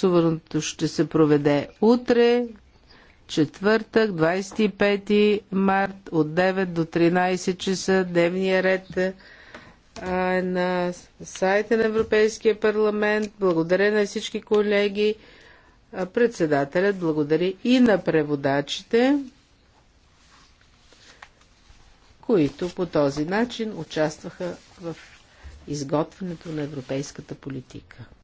Гласуването ще се проведе утре, четвъртък, 25 март от 9 до 13 часа. Дневния ред е на сайта на Европейския парламент. Благодаря на всички колеги. Председателят благодари и на преводачите, които по този начин участваха в изготвянето на европейската политика.